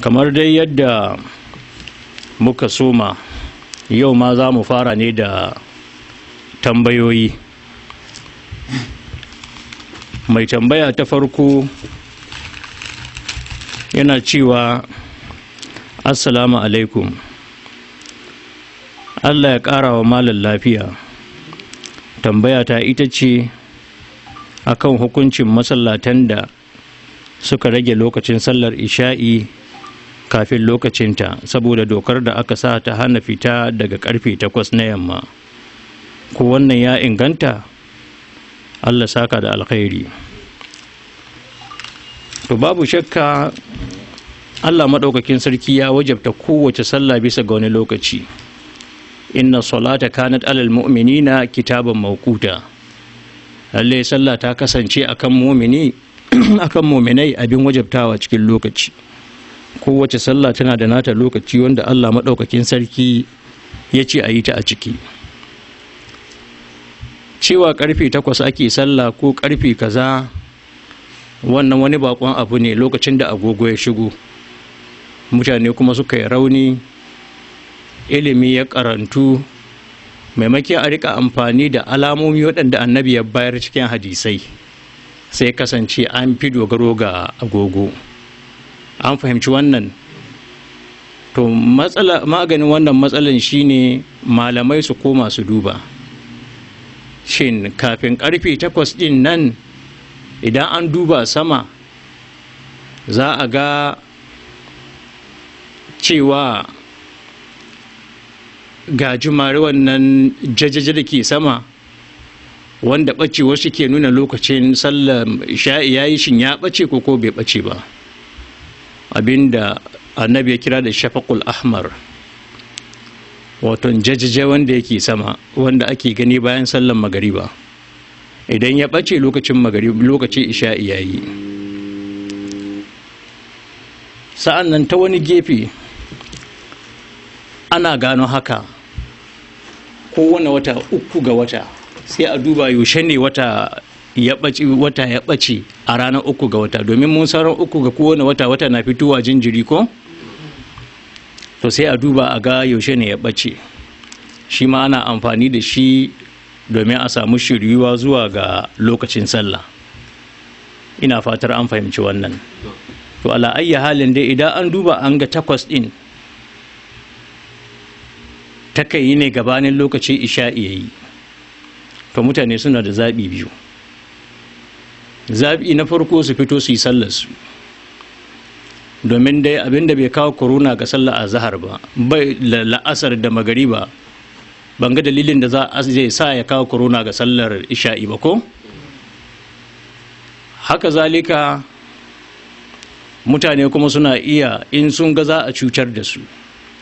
kamar dai yadda muka suma yau ma za mu fara ne da tambayoyi mai tambaya ta farko yana cewa assalamu alaikum allah ya ƙara wa malam lafiya tambaya ta ita ce akan hukuncin masallatan da suka rage lokacin sallar isha'i kafin lokacinta saboda dokar da aka sa ta hana fita daga karfe takwas na yamma ko wannan ya inganta allah saka da alkhairi to babu shakka allah maɗaukakin sarki ya wajabta kowace sallah bisa ga wani lokaci inna salata kanat alal mu'minina kitaban mawquta lalle sallah ta kasance akan mu'mini akan mu'minai abin wajabtawa cikin lokaci kowace sallah tana da nata lokaci wanda allah maɗaukakin sarki ya ce a yi ta a ciki cewa karfe takwas ake sallah ko karfe kaza wannan wani bakon abu ne lokacin da agogo ya shigo mutane kuma suka yi rauni ilimi ya karantu maimakon a rika amfani da alamomi waɗanda annabi ya bayar cikin hadisai sai kasance an fi dogaro ga agogo. an fahimci wannan to maganin wannan matsalan shine malamai su koma su duba shin kafin karfe takwas din nan idan an duba sama za a ga cewa gajimare wannan jajaje da ke sama wanda ɓacewar wasu ke nuna lokacin sallar sha'i yi shin ya ɓace ko ko bai ɓace ba abinda annabi ya kira da shafakul ahmar wato jajjaje wanda yake sama wanda ake gani bayan sallan magariba idan ya ɓace lokacin magariba lokacin isha yayi sa'an nan ta wani gefe ana gano haka kowane wata uku ga wata sai a duba yaushe ne wata ya ɓaci wata ya ɓace a ranar uku ga wata domin mun sauran uku ga kowane wata wata na fitowa jinjiri ko to sai a duba a ga yaushe ne ya ɓace shi ma ana amfani da shi domin a samu shiryuwa zuwa ga lokacin sallah ina fatar an fahimci wannan to ala'ayya halin dai idan an duba an ga takwas ɗin takan yi ne gabanin lokaci isha'i yayi to mutane suna da zaɓi biyu zaɓi na farko su fito su yi su domin dai abin da bai kawo korona ga sallar a zahar ba bai la'asar da magari ba. ban ga dalilin da za a zai sa ya kawo korona ga sallar isha'i ba ko haka zalika mutane kuma suna iya in sun ga za a cutar da su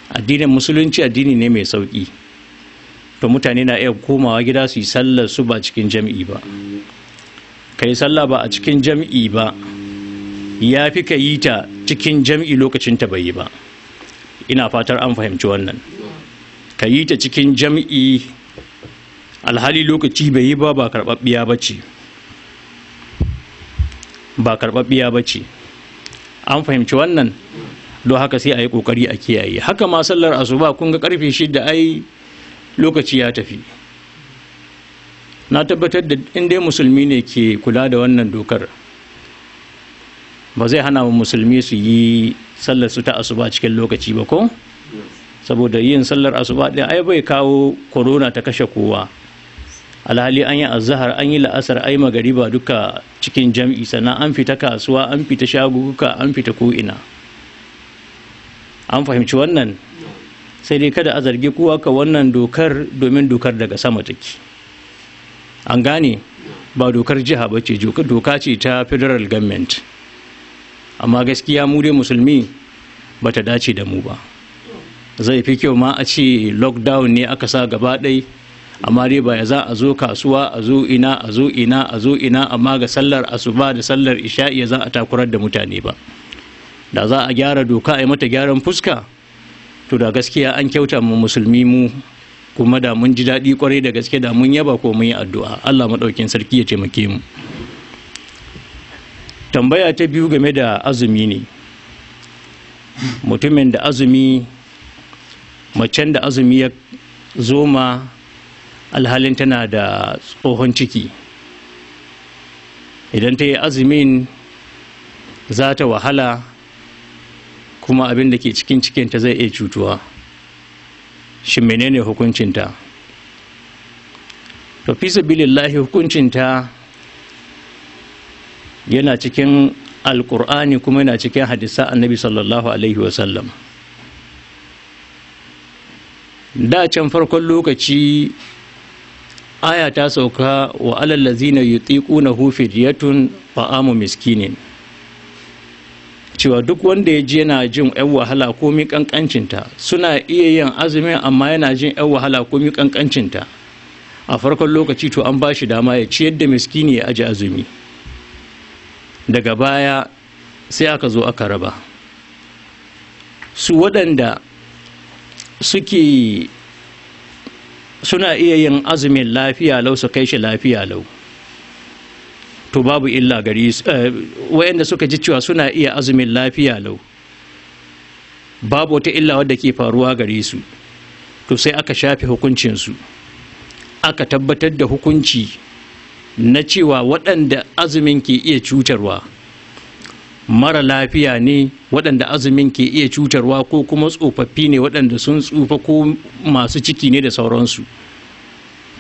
addinin musulunci addini ne mai sauƙi to mutane na iya komawa gida su yi sallar su ba cikin jam'i ba ka yi sallah ba a cikin jam'i ba ya fi ka yi ta cikin jam'i lokacin ta bai yi ba ina fatar an fahimci wannan ka yi ta cikin jam'i alhali lokaci bai yi ba ba karɓaɓɓiya ba ce ba karɓaɓɓiya ba ce an fahimci wannan don haka sai a yi ƙoƙari a kiyaye haka ma sallar asuba kun ga ƙarfe shida ai lokaci ya tafi na tabbatar da inda musulmi ne ke kula da wannan dokar ba zai hana wa musulmi su yi sallar su ta asuba cikin lokaci ba ko saboda yin sallar asuba ɗin ai bai kawo korona ta kashe kowa alhali an yi azahar an yi la'asar ai magariba duka cikin jam'i sannan an fita kasuwa an fita shaguka an fita ko'ina an fahimci wannan sai dai kada a zargi kowa ka wannan dokar domin dokar daga sama take an gane ba dokar jiha ba ce doka ce ta federal government amma gaskiya mu dai musulmi ba ta dace da mu ba zai fi kyau ma a ce lockdown ne aka sa gaba ɗai amma dai ba ya za a zo kasuwa a zo ina a zo ina a zo ina amma ga sallar asuba da sallar isha'i za a takurar da mutane ba da za a gyara doka a yi mata gyaran fuska to da gaskiya an kyauta mu musulmi mu kuma da mun ji daɗi kwarai da gaske da mun yaba ko mun yi addu'a Allah maɗaukin sarki ya taimake mu tambaya ta biyu game da azumi ne mutumin da azumi macen da azumi ya zoma alhalin tana da tsohon ciki idan ta yi azumin za ta wahala kuma abin da ke cikin cikinta zai iya cutuwa shi menene hukuncinta to fi hukuncinta yana cikin alkur'ani kuma yana cikin hadisa annabi sallallahu alaihi wasallam da can farkon lokaci aya ta sauka wa alallazina yutiquna hu fidyatun fa'amu miskinin cewa duk wanda ya je yana jin yan wahala ko mi kankancinta suna iya yin azumin amma yana jin yan wahala ko mi kankancinta a farkon lokaci to an ba shi dama ya ciyar da miskini ya aji azumi daga baya sai aka zo aka raba su waɗanda suke suna iya yin azumin lafiya lau su kai shi lafiya lau to babu illa gari eh, wayanda suka ji cewa suna iya azumin lafiya lau babu wata illa wadda ke faruwa gare su to sai aka shafe hukuncinsu aka tabbatar da hukunci na cewa waɗanda azumin ke iya cutarwa mara lafiya ne waɗanda azumin ke iya cutarwa ko kuma tsofaffi ne waɗanda sun tsufa ko masu ciki ne da sauransu.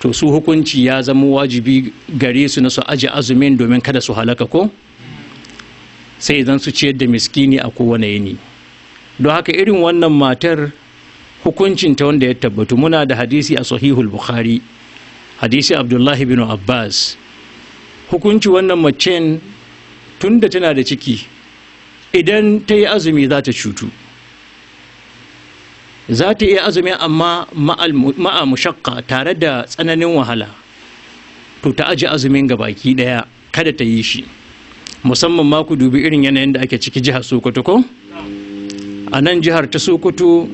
to su hukunci ya zama wajibi gare su na su aji azumin domin kada su halaka ko sai idan su ciyar da miskini a kowane yini don haka irin wannan matar hukuncin ta wanda ya tabbatu muna da hadisi a sahihul bukhari hadisi abdullahi bin abbas hukunci wannan macen da tana da ciki idan ta yi azumi za ta cutu za ta iya azumi amma ma'a mushakka tare da tsananin wahala to ta aji azumin ga baki daya kada ta yi shi musamman ma ku dubi irin yanayin da ake ciki jihar sokoto ko a nan jihar ta sokoto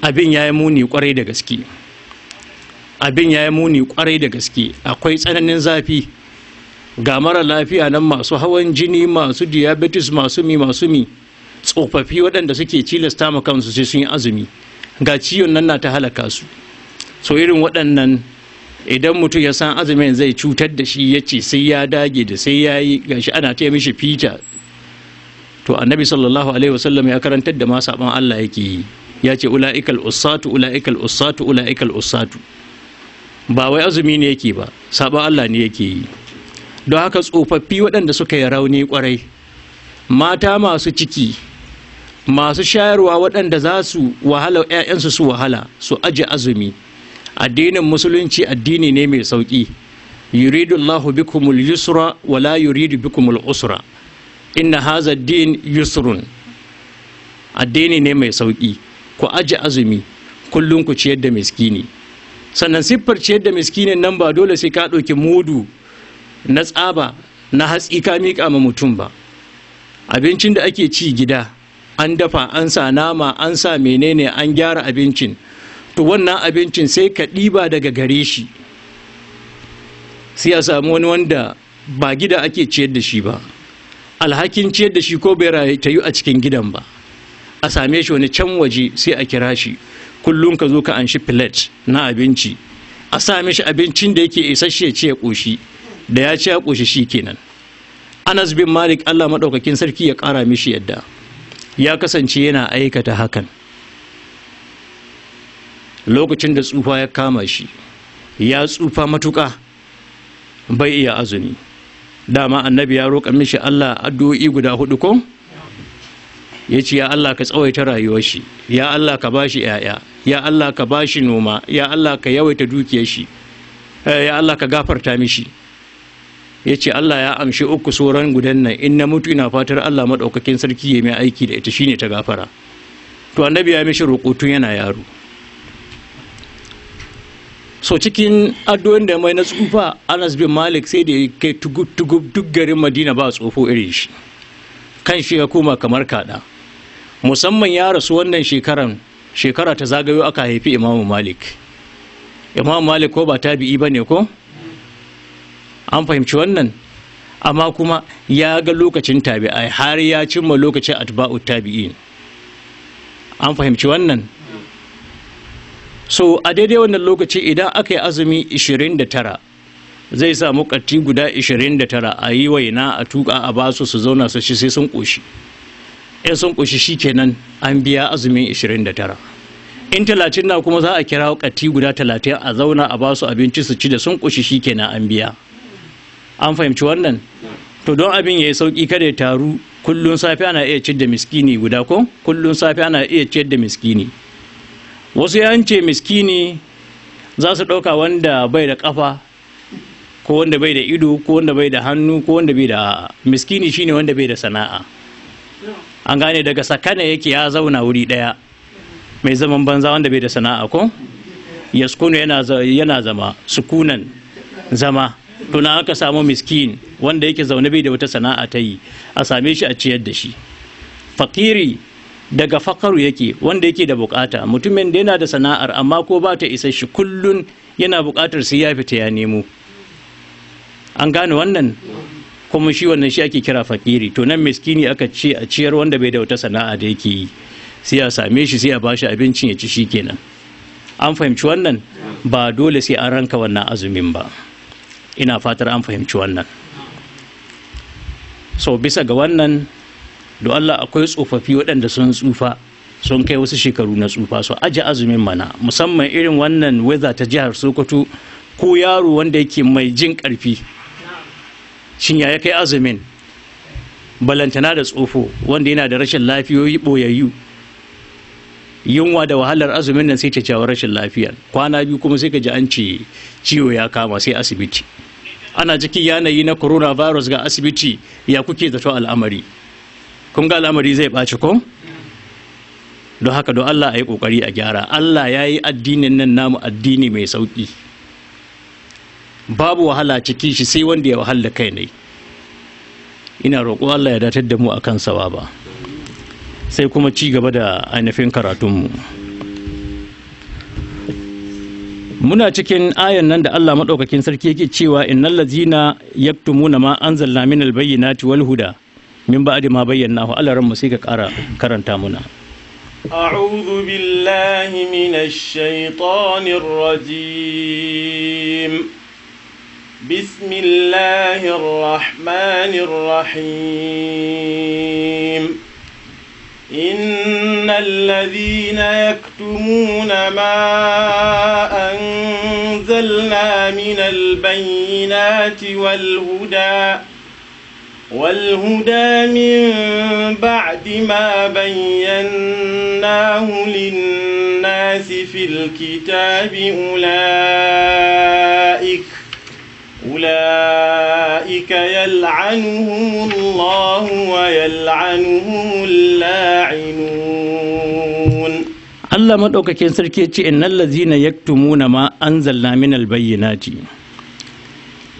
abin ya yi muni kwarai da gaske abin ya yi muni kwarai da gaske akwai tsananin zafi ga mara lafiya nan masu hawan jini masu diabetes masu mi masu mi tsofaffi waɗanda suke cilasta ma kansu sai sun yi azumi ga ciwon nan na ta halaka su so irin waɗannan idan mutum ya san azumin zai cutar da shi ya ce sai ya dage da sai ya yi gashi ana ce mishi fita to annabi sallallahu alaihi wasallam ya karantar da ma saban Allah yake yi ya ce ula'ikal usatu ula'ikal usatu ula'ikal usatu ba wai azumi ne yake ba saban Allah ne yake yi don haka tsofaffi waɗanda suka yi rauni kwarai mata masu ciki masu shayarwa waɗanda za su wahala 'ya'yansu su wahala su aji azumi addinin musulunci addini ne mai sauƙi yuridu Allahu bikumul yusra wala yuridu bikumul usra inna haza din yusrun addini ne mai sauƙi ku aji azumi kullum ku ciyar da miskini sannan siffar ciyar da miskinin nan ba dole sai ka ɗauki mudu na tsaba na hatsi ka miƙa ma mutum ba abincin da ake ci gida an dafa an sa nama an sa menene an gyara abincin to wannan abincin sai ka ɗiba daga gare shi sai a samu wani wanda ba gida ake ciyar da shi ba alhakin ciyar da shi ko bai rayu a cikin gidan ba a same shi wani can waje sai a kira shi kullum ka zo ka anshi plate na abinci a sa mishi abincin da yake isasshe ce ya ƙoshi da ya ci ya ƙoshi shi kenan anas bin malik allah maɗaukakin sarki ya ƙara mishi yadda ya kasance yana aikata hakan lokacin da tsufa ya kama shi ya tsufa matuƙa bai iya azumi dama annabi ya roƙa mishi Allah addu'o'i guda hudu ko ya ce ya Allah ka tsawaita rayuwar shi ya Allah ka bashi yaya ya Allah ka bashi noma ya Allah ka yawaita dukiyar shi eh, ya Allah ka gafarta mishi ya ce Allah ya amshi uku sauran gudan nan in na mutu ina fatar Allah maɗaukakin sarki ya mai aiki da ita ne ta gafara to annabi ya mishi rukutu yana yaro so cikin addu'o'in da mai na tsufa Anas bin Malik sai da ya kai tugub tugub duk garin Madina ba tsofo irin shi kan shi ya koma kamar kaɗa musamman ya rasu wannan shekaran shekara ta zagayo aka haifi Imam Malik imamu Malik ko ba tabi'i ne ko an fahimci wannan amma kuma ya ga lokacin tabi'ai har ya cimma lokacin atba'u tabi'in an fahimci wannan so a daidai wannan lokaci idan aka yi azumi 29 zai samu ƙarti guda 29 a yi waina a tuka a basu su zauna su shi sai sun ƙoshi in sun ƙoshi shi kenan an biya azumin 29 in talatin na kuma za a kira ƙarti guda talatin a zauna a basu abinci su ci da sun ƙoshi shi kenan an biya an fahimci wannan to don abin ya yi sauki kada ya taru kullun safe ana iya ciyar da miskini guda ko kullun safe ana iya ciyar da miskini wasu yance miskini za su ɗauka wanda bai da ƙafa ko wanda bai da ido ko wanda bai da hannu ko wanda bai da miskini shine wanda bai da sana'a an gane daga sakana yake ya zauna wuri ɗaya mai zaman banza wanda bai da sana'a ko yaskunu yana zama sukunan zama to aka samu miskin wanda yake zaune bai da wata sana'a ta yi a same shi a ciyar da shi fakiri daga fakaru yake wanda yake da bukata mutumin da yana da sana'ar amma ko ba ta isa shi kullun yana bukatar sai ya fita ya nemo an gane wannan kuma shi wannan shi ake kira fakiri to nan miskini aka ce a ciyar wanda bai da wata sana'a da yake yi sai a same shi sai a bashi abincin ya ci shi kenan an fahimci wannan ba dole sai an ranka wannan azumin ba ina fatar an fahimci wannan so bisa ga wannan da Allah akwai tsofaffi waɗanda sun tsufa sun kai wasu shekaru na tsufa so aji azumin mana musamman irin wannan weather ta jihar sokoto ko yaro wanda yake mai jin ƙarfi shin ya kai azumin balantana da tsofo wanda yana da rashin lafiyoyi ɓoyayyu yunwa da wahalar azumin nan sai ta jawo rashin lafiya kwana biyu kuma sai ka ji an ce ciwo ya kama sai asibiti ana cikin yanayi na corona virus ga asibiti ya kuke zato al'amari kun ga al'amari zai ɓaci ko don haka don Allah a yi ƙoƙari a gyara Allah ya yi addinin nan namu addini mai sauƙi babu wahala cikin shi sai wanda ya wahala kai ne ina roƙo Allah ya datar da mu akan sawa ba sai kuma ci gaba da ainihin karatunmu muna cikin ayan nan da Allah maɗaukakin sarki yake cewa innal ladzina yaktumuna ma anzalna min albayyinati wal huda min ba'di ma bayyanahu Allah ran mu sai ka ƙara karanta muna أعوذ بالله من الشيطان الرجيم بسم الله الرحمن إن الذين يكتمون ما أنزلنا من البينات والهدى والهدى من بعد ما بيناه للناس في الكتاب أولئك أولئك يلعنهم الله ويلعنهم اللاعنون الله ما مدوكاكين سركي إن الذين يكتمون ما أنزلنا من البينات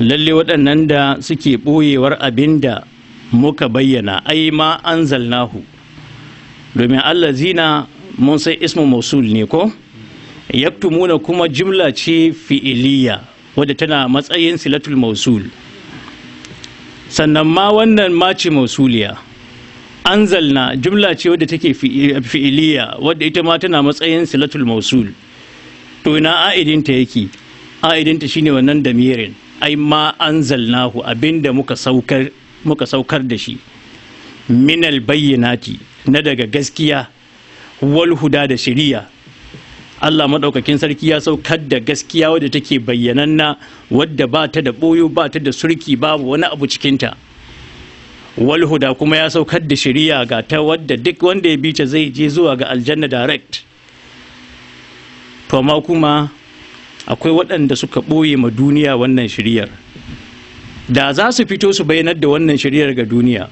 للي waɗannan da suke ɓoyewar abin da muka bayyana ai ma an zalnahu domin allah zina mun sai ismu mosul ne ko yaktumuna kuma jimla ce fi'iliya wadda tana matsayin silatul mausul sannan ma wannan mace mausuliya anzalna jumla ce wadda take fi'iliya wadda ita ma tana matsayin silatul mausul to ina a'idinta yake a'idinta shine wannan damirin ai ma anzalnahu abinda muka saukar muka saukar da shi minal bayyinati na daga gaskiya wal huda da shiriya Allah maɗaukakin sarki ya saukar da gaskiya wadda take bayyananna wadda ba ta da ɓoyo ba ta da surki babu wani abu cikinta walhuda da kuma ya saukar da shiriya ga ta wadda duk wanda ya bi ta zai je zuwa ga aljanna direct to ma kuma akwai waɗanda suka ɓoye ma duniya wannan shiriyar da za su fito su bayyanar da wannan shiriyar ga duniya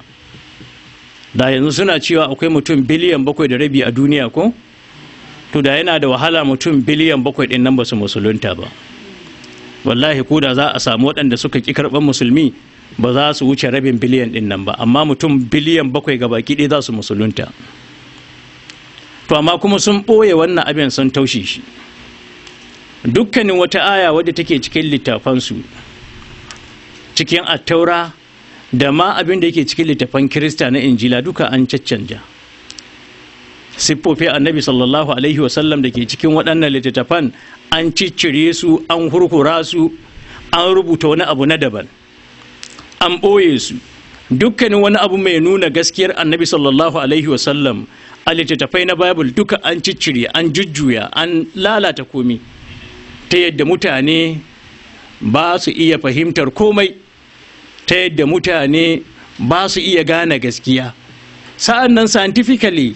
da yanzu suna cewa akwai mutum biliyan bakwai da rabi a duniya ko to da yana da wahala mutum biliyan bakwai ɗin nan ba su musulunta ba wallahi ko da za a samu waɗanda suka ƙi karɓar musulmi ba za su wuce rabin biliyan ɗin nan ba amma mutum biliyan bakwai ga baki ɗaya za su musulunta to amma kuma sun ɓoye wannan abin sun taushe shi dukkanin wata aya wadda take cikin littafansu cikin attaura da ma abin da yake cikin littafan kirista na injila duka an caccanja siffofi annabi sallallahu alaihi wasallam da ke cikin waɗannan littattafan an ciccire su an hurhura su an rubuta wani abu na daban an ɓoye su dukkanin wani abu mai nuna gaskiyar annabi sallallahu alaihi wasallam a littattafai na bible duka an ciccire an jujjuya an lalata komi ta yadda mutane ba su iya fahimtar komai ta yadda mutane ba su iya gane gaskiya sa'an nan scientifically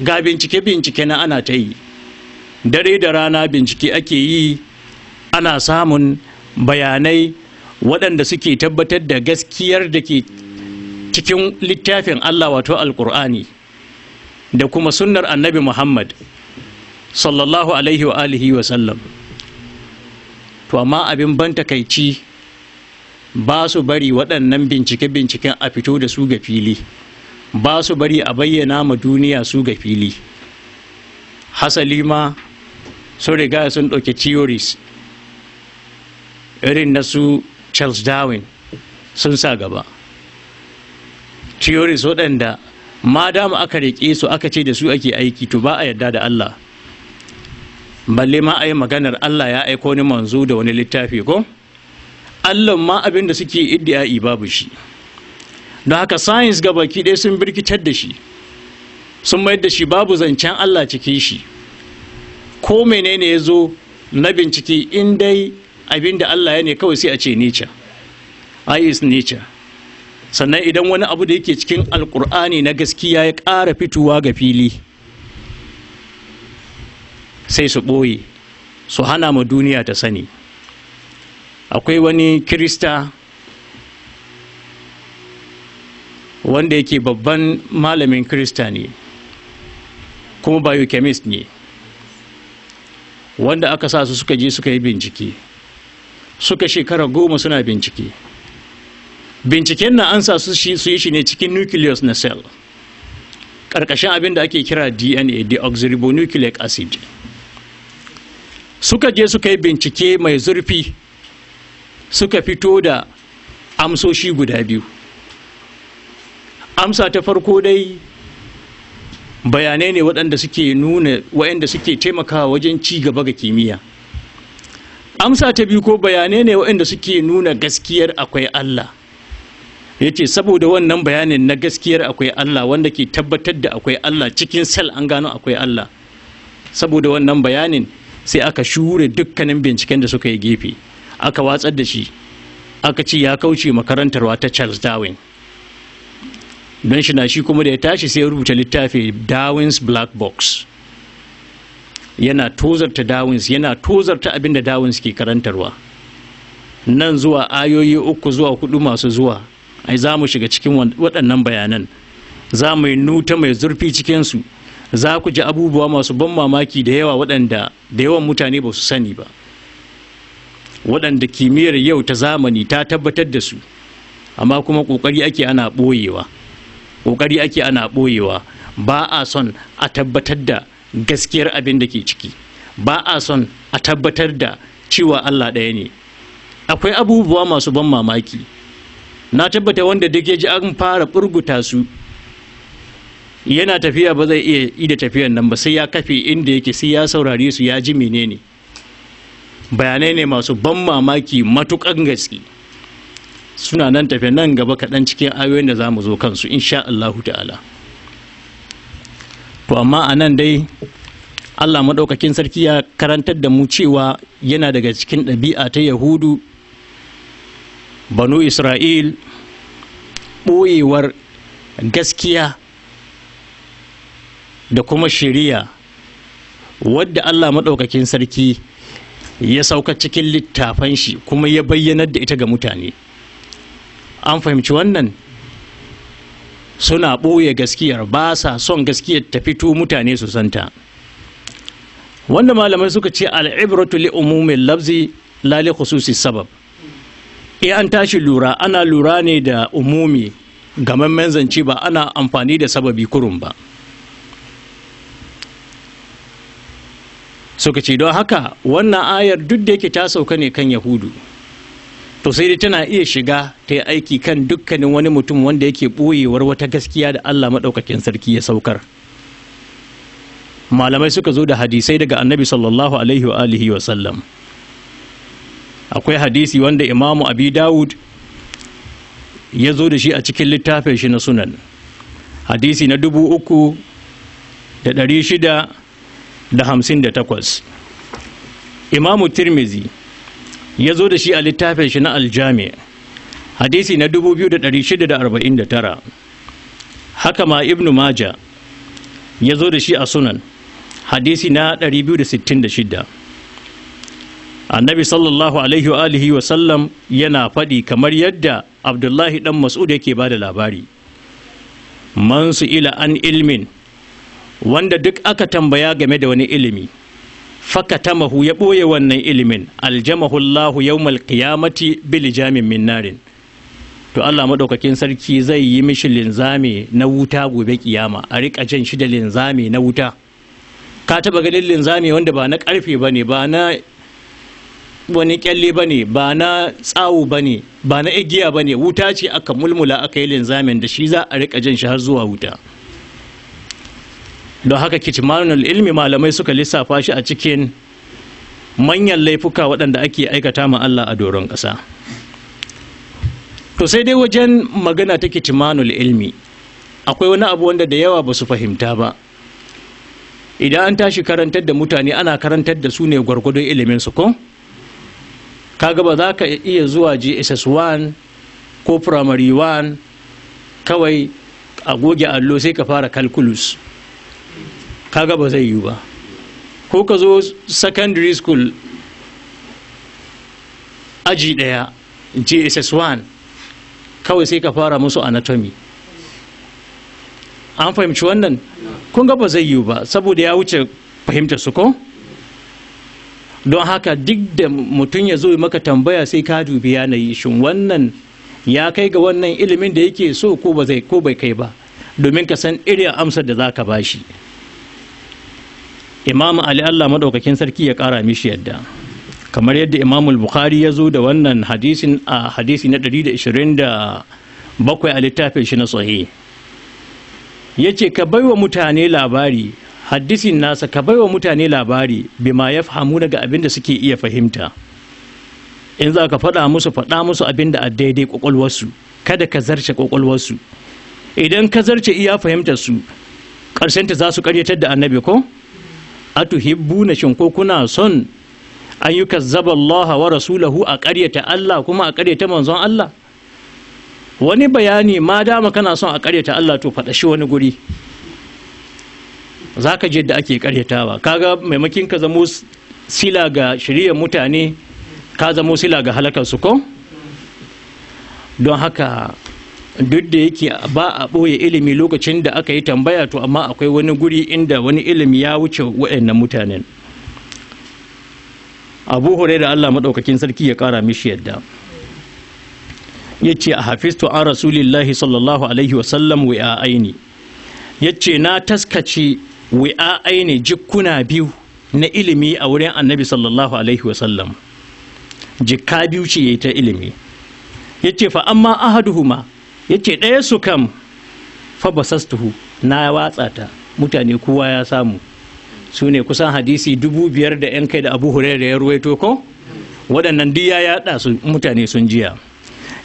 ga bincike bincike na ana ta yi dare da rana bincike ake yi ana samun bayanai waɗanda suke tabbatar da gaskiyar da ke cikin littafin Allah wato Alkur'ani, da kuma sunnar annabi Muhammad sallallahu alaihi wa alihi wa sallam to amma abin ban takaici ba su bari waɗannan bincike-binciken a fito da su ga fili. ba su bari a bayyana ma duniya su ga fili hasali ma sun riga sun ɗauki theories irin na su charles darwin sun sa gaba theories waɗanda ma dama aka riƙe su aka ce da su ake aiki to ba a yarda da allah balle ma a yi maganar allah ya aiko ni manzo da wani littafi ko allah ma abin da suke iddiya'i babu shi don haka science ga baki ɗaya sun birkitar da shi sun mayar da shi babu zancen allah cikin shi ko menene ya zo na bincike in dai abin da allah ya ne kawai sai a ce nature i is nature sannan idan wani abu da yake cikin alkur'ani na gaskiya ya ƙara fitowa ga fili sai su ɓoye su hana ma duniya ta sani akwai wani kirista wanda yake babban malamin krista ne kuma biochemist ne wanda aka sa su suka je suka yi bincike suka shekara goma suna bincike binciken na an sa su yi shi ne cikin nucleus na cell ƙarƙashin abin da ake kira dna deoxyribonucleic acid suka je suka yi bincike mai zurfi suka fito da amsoshi guda biyu amsa ta farko dai bayanai ne waɗanda suke nuna waɗanda suke taimakawa wajen ci gaba ga kimiyya amsa ta biyu ko bayanai ne waɗanda suke nuna gaskiyar akwai Allah ya ce saboda wannan bayanin na gaskiyar akwai Allah wanda ke tabbatar da akwai Allah cikin sel an gano akwai Allah saboda wannan bayanin sai aka shure dukkanin binciken da suka yi gefe aka watsar da shi aka ce ya kauce makarantarwa ta Charles Darwin don shi na shi kuma da ya tashi sai ya rubuta littafi darwin's black box yana tozarta darwin's yana tozarta abin da darwin's ke karantarwa nan zuwa ayoyi uku zuwa hudu masu zuwa ai za mu shiga cikin waɗannan bayanan za mu yi nuta mai zurfi cikinsu za ku ji abubuwa masu ban mamaki da yawa waɗanda da yawan mutane ba su sani ba waɗanda kimiyyar yau ta zamani ta tabbatar da su amma kuma ƙoƙari ake ana ɓoyewa kokari ake ana ɓoyewa ba a son a tabbatar da gaskiyar abin da ke ciki ba a son a tabbatar da cewa allah ɗaya ne akwai abubuwa masu ban mamaki na tabbata wanda duk ya ji an fara burguta su yana tafiya ba zai iya yi da tafiyar nan ba sai ya kafe inda yake sai ya saurare su ya ji menene bayanai ne masu ban mamaki matukan gaske suna nan tafe nan gaba kaɗan cikin ayoyin da za mu zo kansu insha Allahu ta'ala to amma a nan dai Allah maɗaukakin sarki ya karantar da mu cewa yana daga cikin ɗabi'a ta yahudu banu isra'il ɓoyewar gaskiya da kuma shiriya wadda Allah maɗaukakin sarki ya sauka cikin littafan shi kuma ya bayyanar da ita ga mutane an fahimci wannan suna ɓoye gaskiyar ba sa son gaskiyar ta fito mutane su santa wanda malamai suka ce al'ibratu li umumin labzi lali khususi sabab e an tashi lura ana lura ne da umumi gamammen zance ba ana amfani da sababi kurum ba suka ce don haka wannan ayar duk da yake ta sauka ne kan yahudu to sai dai tana iya shiga ta yi aiki kan dukkanin wani mutum wanda yake ɓoyewar wata gaskiya da Allah maɗaukakin sarki ya saukar malamai suka zo da hadisai daga annabi sallallahu alaihi wa alihi wa sallam akwai hadisi wanda imamu abi dawud ya zo da shi a cikin littafin shi na sunan hadisi na dubu uku da ɗari shida da hamsin da takwas imamu tirmizi ya zo da shi a littafin shi na aljami hadisi na 2649 haka ma Ibn maja ya zo da shi a sunan hadisi na 266 annabi sallallahu alaihi wa alihi wa sallam yana faɗi kamar yadda abdullahi dan mas'ud yake ba da labari man su ila an ilmin wanda duk aka tambaya game da wani ilimi fakatamahu ya ɓoye wannan ilimin aljamahullahu yawmal qiyamati bil jamin min narin to Allah maɗaukakin sarki zai yi mishi linzami na wuta gobe kiyama a riƙa jan shi da linzami na wuta ka taɓa ganin linzami wanda ba na ƙarfe ba ne, ba na wani ƙyalle ba ne ba na tsawo ba ne ba na igiya ba ne wuta ce aka mulmula aka yi linzamin da shi za a riƙa jan shi har zuwa wuta don haka kitmanul ilmi malamai suka lissafa shi a cikin manyan laifuka waɗanda ake aikata ma Allah a doron ƙasa to sai dai wajen magana ta kitmanul ilmi akwai wani abu wanda da yawa ba su fahimta ba idan an tashi karantar da mutane ana karantar da su ne gwargwadon ilimin su ko kaga ba za ka iya zuwa gss1 ko primary 1 kawai a goge allo sai ka fara calculus kaga ba zai yiwu ba ko ka zo secondary school aji ɗaya jss1 kawai sai ka fara musu anatomy an fahimci wannan kun ga ba zai yiwu ba saboda ya wuce fahimtar su ko don haka duk da mutum ya zo maka tambaya sai ka dubi yanayi shin wannan ya kai ga wannan ilimin da yake so ko bai kai ba domin ka san irin amsar da za ka bashi shi imam ali allah madaukakin sarki ya kara mishi yadda kamar yadda imam bukhari ya zo da wannan hadisin a hadisi na da bakwai a littafin shi na tsohi ya ce ka baiwa mutane labari hadisin nasa ka baiwa mutane labari bima ya fahamu daga abin da suke iya fahimta in za ka faɗa musu faɗa musu abin da a daidai ƙwaƙwalwarsu kada ka zarce ƙwaƙwalwarsu idan ka zarce iya fahimtar su ƙarshenta za su ƙaryatar da annabi ko na shin ko kuna son an yi kazzaba Allah wa rasulahu a ƙaryata Allah kuma a ƙaryata manzon Allah wani bayani ma dama kana son a ƙaryata Allah to faɗa shi wani guri za ka je da ake ƙaryatawa kaga maimakin ka zamo sila ga shirya mutane ka zamo sila ga halakar su ko don haka duk da yake ba a ɓoye ilimi lokacin da aka yi tambaya to amma akwai wani guri inda wani ilimi ya wuce waɗannan mutanen abu hore da allah maɗaukakin sarki ya ƙara mishi yadda ya ce a hafistu an rasulillahi sallallahu alaihi wasallam wi'a aini ya ce na taskace wi'a aini jikkuna biyu na ilimi a wurin annabi sallallahu alaihi wasallam jikka biyu ce ya ta ilimi ya ce fa amma ahaduhuma yace ɗaya su kam fa na watsa ta mutane kowa ya samu su ne kusan hadisi dubu biyar da yan kai da abu hurairu ya ruwaito ko waɗannan duk ya yaɗa su mutane sun jiya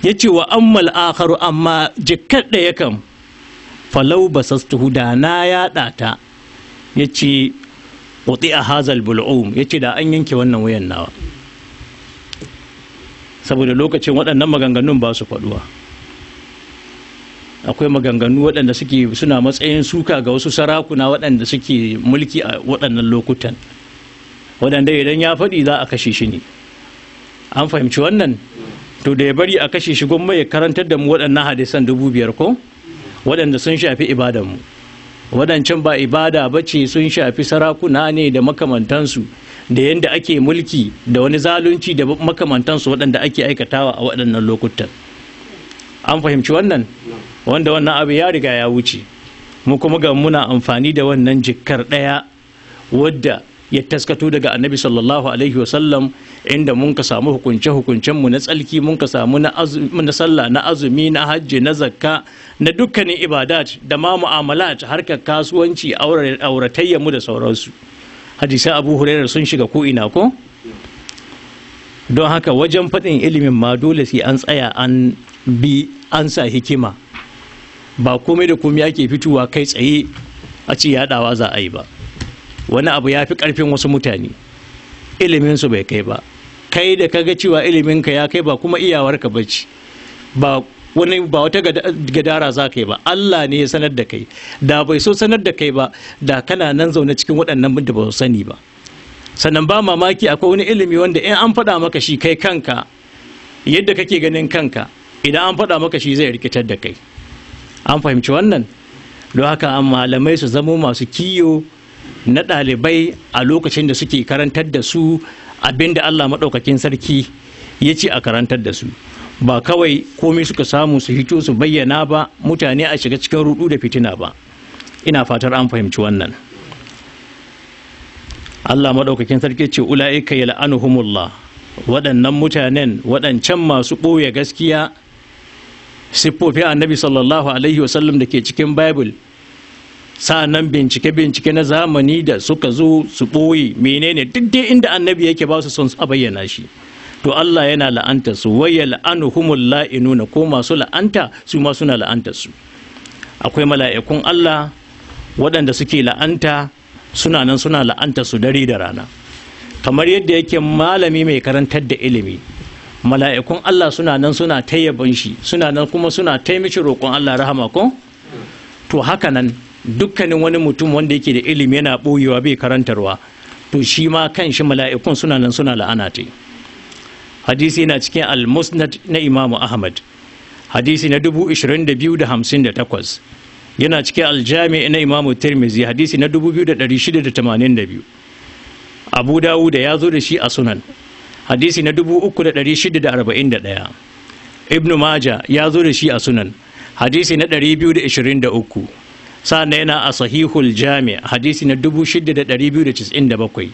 ya ce wa ammal akharu amma jikkar ɗaya kam falau basastuhu da na yaɗa ta ya ce a hazal bul'um ya ce da an yanke wannan wayan nawa saboda lokacin waɗannan maganganun ba su faɗuwa akwai maganganu waɗanda suke suna matsayin suka ga wasu sarakuna waɗanda suke mulki a waɗannan lokutan waɗanda idan ya faɗi za a kashe shi ne an fahimci wannan to da ya bari a kashe shi gwamma ya karantar da mu waɗannan hadisan dubu biyar ko waɗanda sun shafi mu. waɗancan ba ibada ba ce sun shafi sarakuna ne da makamantansu da yadda ake mulki da wani zalunci da makamantansu waɗanda ake aikatawa a waɗannan lokutan an fahimci wannan wanda wannan abu ya riga ya wuce mu kuma ga muna amfani da wannan jikkar ɗaya wadda ya taskato daga annabi sallallahu alaihi wasallam inda mun ka samu hukunce hukuncen mu na tsalki mun ka samu na sallah na azumi na hajji na zakka na dukkanin ibadat da ma mu'amalat harkar kasuwanci auratayya mu da sauransu hadisai abu hurairar sun shiga ko ina ko don haka wajen faɗin ilimin ma dole sai an tsaya an bi an sa hikima ba komai da komai ake fitowa kai tsaye a ce yaɗawa za a yi ba wani abu ya fi ƙarfin wasu mutane iliminsu bai kai ba kai da ka ga cewa ilimin ka ya kai ba kuma iyawarka ba ce ba wani ba wata gadara za ka yi ba Allah ne ya sanar da kai da bai so sanar da kai ba da kana nan zaune cikin waɗannan da ba su sani ba sannan ba mamaki akwai wani ilimi wanda in an faɗa maka shi kai kanka yadda kake ganin kanka idan an faɗa maka shi zai rikitar da kai an fahimci wannan don haka malamai su zamo masu kiyo na ɗalibai a lokacin da suke karantar da su abinda Allah maɗaukakin sarki ya ce a karantar da su ba kawai komai suka samu su hito su bayyana ba mutane a shiga cikin rudu da fitina ba ina fatar an fahimci wannan Allah maɗaukakin sarki ce ula'ika yal'anuhumullah waɗannan mutanen waɗancan masu ɓoye gaskiya siffofin annabi sallallahu alaihi wasallam da ke cikin bible nan bincike-bincike na zamani da suka zo su ɓoye menene duk dai inda annabi yake ba su son a bayyana shi to Allah yana la'anta su waya la'anuhumul la'inuna ko masu la'anta su ma suna la'anta su akwai mala'ikun Allah waɗanda suke la'anta suna nan suna la'anta su dare da rana kamar yadda yake malami mai karantar da ilimi mala'ikun Allah suna nan suna tayyaban shi suna nan kuma suna ta roƙon Allah rahama ko to haka nan dukkanin wani mutum wanda yake da ilimi yana ɓoyewa bai karantarwa to shi ma kan shi mala'ikun suna nan suna la'ana ta hadisi yana cikin al-musnad na imamu ahmad hadisi na 2258 yana cikin aljami na imamu tirmizi hadisi na 2682 abu dawuda ya zo da shi a sunan hadisi na 3641 ibn maja ya zo da shi a sunan hadisi na 223 sa'an yana a sahihul Jami'a. hadisi na 6297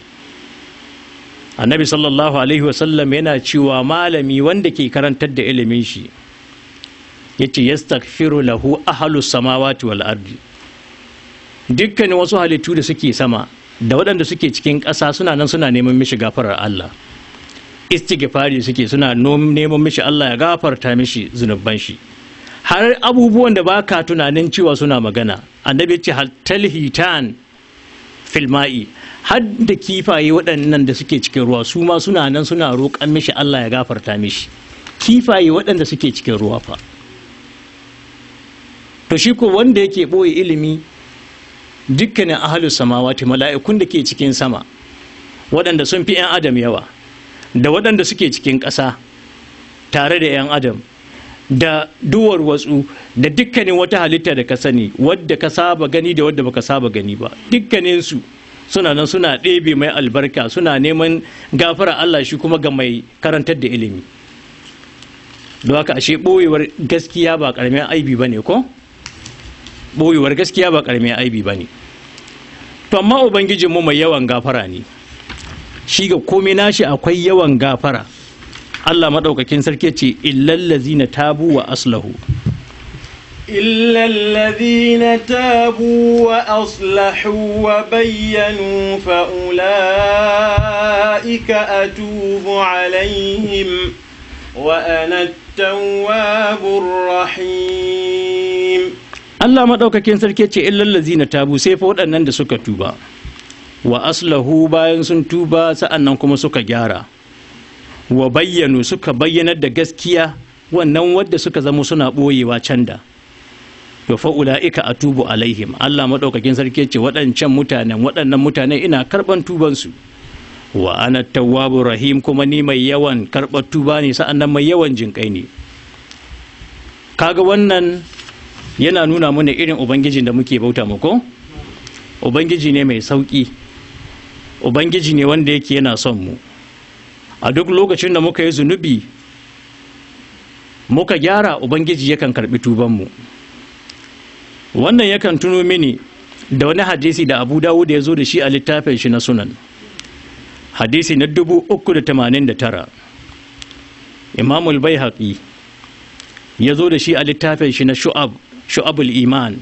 annabi sallallahu alaihi wasallam yana cewa malami wanda ke karantar da ilimin shi yace yastaghfiru lahu ahlus samawati wal ardi dukkanin wasu halittu da suke sama da waɗanda suke cikin ƙasa suna nan suna neman mishi gafarar Allah istighfari suke suna neman mishi Allah ya gafarta mishi zunuban shi har abubuwan da baka tunanin cewa suna magana annabi ce hatal hitan filma'i har da kifaye waɗannan da suke cikin ruwa su ma suna nan suna roƙan mishi Allah ya gafarta mishi kifaye waɗanda suke cikin ruwa fa to shi ko wanda yake ɓoye ilimi dukkanin ahalus samawati mala'ikun da ke cikin sama waɗanda sun fi 'yan adam yawa da waɗanda suke cikin ƙasa tare da 'yan adam da duwar watsu da dukkanin wata halitta da ka sani wadda ka saba gani da wadda baka saba gani ba dukkaninsu suna nan suna ɗebe mai albarka suna neman gafara Allah shi kuma ga mai karantar da ilimi don haka ashe ɓoyewar gaskiya ba ƙaramin aibi ba ne ko ɓoyewar gaskiya ba ƙaramin aibi ba ne to amma ubangijinmu mai yawan gafara ne shi ga komai nashi akwai yawan gafara Allah maɗaukakin sarki ce illallazi na tabu wa aslahu illallazi na tabu wa aslahu wa bayyanu fa'ula'ika a tubu alaihim wa anattawabur rahim Allah maɗaukakin sarki ce illallazi na tabu sai fa waɗannan da suka tuba. wa aslahu bayan sun tuba sa'annan kuma suka gyara wa bayyanu suka bayyanar da gaskiya wannan wadda suka zama suna ɓoyewa can da fa'ula ika a tubu alaihim Allah maɗaukakin sarki ce waɗancan mutanen waɗannan mutanen ina karɓar tubansu. wa ana tawabu rahim kuma ni mai yawan karɓar tuba ne sa'annan mai yawan jinkai ne kaga wannan yana nuna mana irin ubangijin da muke bauta mu ko ubangiji ne mai sauƙi. ubangiji ne wanda yake yana son mu a duk lokacin da muka yi zunubi muka gyara ubangiji yakan karbi tubanmu wannan yakan tuno mini da wani hadisi da abu dawud ya zo da shi a littafin shi na sunan hadisi na 389 imamul bai ya zo da shi a littafin shi na shu'ab shu'abul iman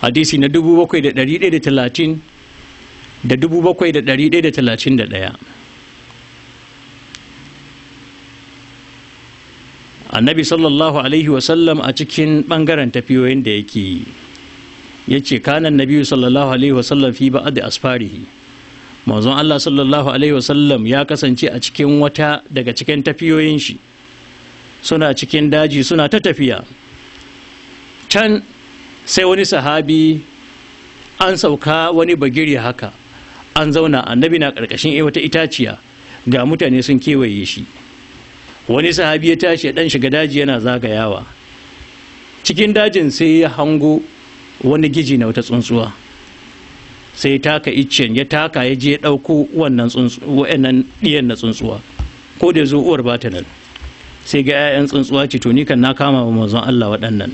hadisi na talatin. da dubu bakwai da da da ɗaya. annabi sallallahu alaihi wasallam a cikin ɓangaren tafiyoyin da yake yi ya ce kanan nabi sallallahu alaihi wasallam fi ba'ad asfarihi mazan Allah sallallahu alaihi wasallam ya kasance a cikin wata daga cikin tafiyoyin shi suna cikin daji suna ta tafiya can sai wani sahabi an sauka wani bagiri haka an zauna annabi na ƙarƙashin eh, wata itaciya ga mutane sun kewaye shi wani sahabi ya tashi ya ɗan shiga daji yana zagayawa cikin dajin sai ya hango wani giji na wata tsuntsuwa sai ya taka iccen ya taka ya je ya ɗauko wannan ɗiyan na tsuntsuwa ko da zo uwar bata nan sai ga 'ya'yan tsuntsuwa ce to ni kan na kama wa manzon Allah waɗannan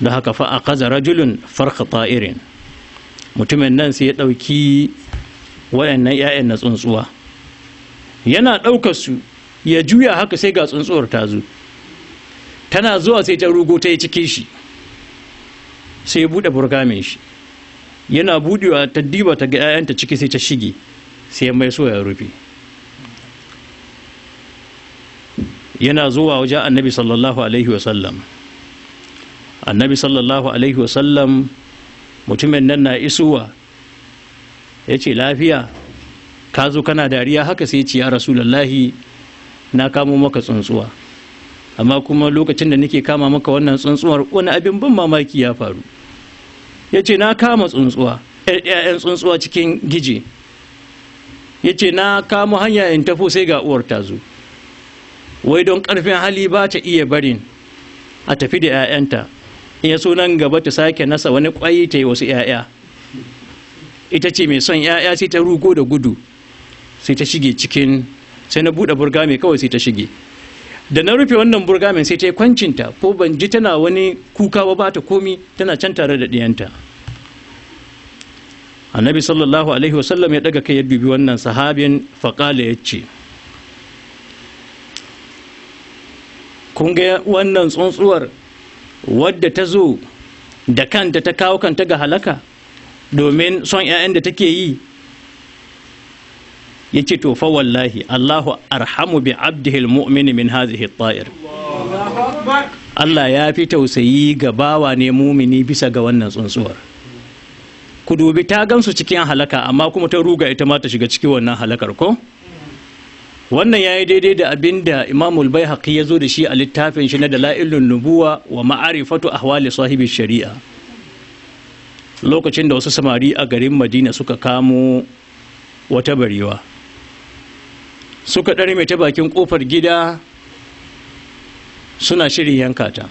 da haka fa a kaza rajulun farka ta'irin mutumin nan sai ya ɗauki waɗannan 'ya'yan na tsuntsuwa yana ɗaukar su ya juya haka sai ga tsuntsuwar ta zo tana zuwa sai ta rugo ta yi cikin shi sai ya buɗe burgamin shi yana buɗewa ta diba ta ga 'ya'yanta ciki sai ta shige sai mai so ya rufe yana zuwa wajen annabi sallallahu alaihi wasallam annabi sallallahu alaihi wasallam mutumin nan na isuwa ya ce lafiya ka zo kana dariya haka sai ce ya rasulallahi na kamo maka tsuntsuwa amma kuma lokacin da nake kama maka wannan tsuntsuwar wani abin ban mamaki ya faru ya ce na kama tsuntsuwa ‘ya'yan tsuntsuwa cikin gije ya ce na kamo hanya in tafo sai ga uwar ta zo wai don ƙarfin hali ba ta iya barin a tafi da ‘ya'yanta in ya nan gaba ta sake nasa wani kwai ta yi wasu 'ya'ya ita ce mai son 'ya'ya sai ta rugo da gudu sai ta shige cikin sai na buɗe burga mai kawai sai ta shige da na rufe wannan burga mai sai ta yi kwancinta ko ban ji tana wani kuka ba ba ta komi tana can tare da ɗiyanta annabi sallallahu alaihi wasallam ya daga kai ya dubi wannan sahabin faƙala ya ce kun ga wannan tsuntsuwar wadda ta zo da kanta ta kawo kanta ga halaka domin son 'ya'yan da take yi ya ce to fa wallahi Allahu arhamu bi abdihil mu'mini min hazihi ta'ir Allah ya fi tausayi ga bawa ne mumini bisa ga wannan tsuntsuwar ku dubi ta gansu cikin halaka amma kuma ta ruga ita ma ta shiga cikin wannan halakar ko wannan ya yi daidai da abin da imamul bai haƙi ya zo da shi a littafin shi na dala'ilun nubuwa wa ma'arifatu ahwali sahibi shari'a lokacin da wasu samari a garin madina suka kamo wata barewa suka ɗari mai ta bakin ƙofar gida suna shirin yanka ta